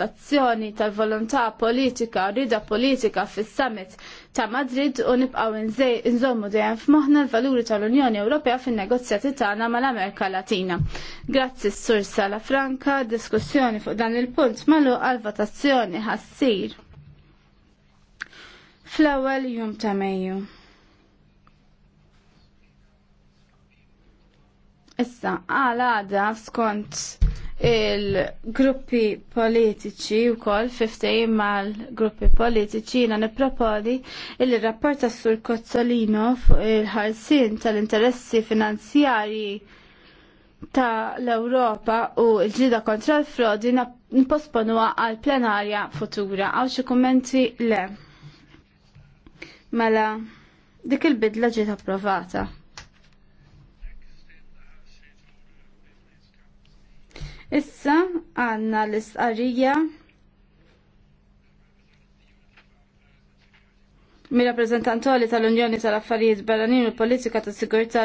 soddisfazzjoni tal-volontà politika, rida politika fis-summit ta' Madrid u nibqgħu nżommu dejjem f'moħħna l-valuri tal-Unjoni Ewropea fin-negozjati tagħna mal-Amerika Latina. Grazzi s-Sur Sala Franka, diskussjoni fuq dan il-punt malu għal-votazzjoni ħassir. Fl-ewwel jum ta' Mejju. Issa, għal għada skont il-gruppi politiċi u kol fiftejn mal-gruppi politiċi jina nipropodi il rapporta tas sur Kozzolino fuq il-ħarsin tal-interessi finanzjarji ta' l-Europa u l ġida kontra l-frodi niposponua għal plenarja futura. Għaw xie kommenti le. Mela, dik il-bidla ġiet approvata. Issa għanna l-istqarrija mir rappresentanti tal-Unjoni tal-Affarijiet Barranin u Politika ta' Sigurtà